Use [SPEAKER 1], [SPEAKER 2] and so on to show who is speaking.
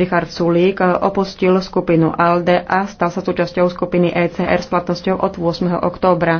[SPEAKER 1] Richard Sulík eh, opustil skupinu ALDE a stal sa súčasťou skupiny ECR s platnosťou od 8. októbra.